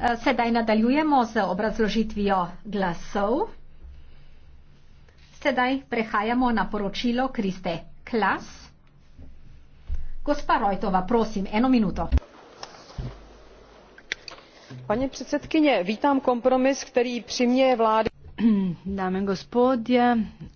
Eh, sedaj nadaljujemo z obrazložitvijo glasov. Sedaj prehajamo na poročilo Kriste Klas. Gospa Rojtova, prosim, eno minuto. Pani predsedkinje, vítam kompromis, ki primije vlade. Dame in gospodje,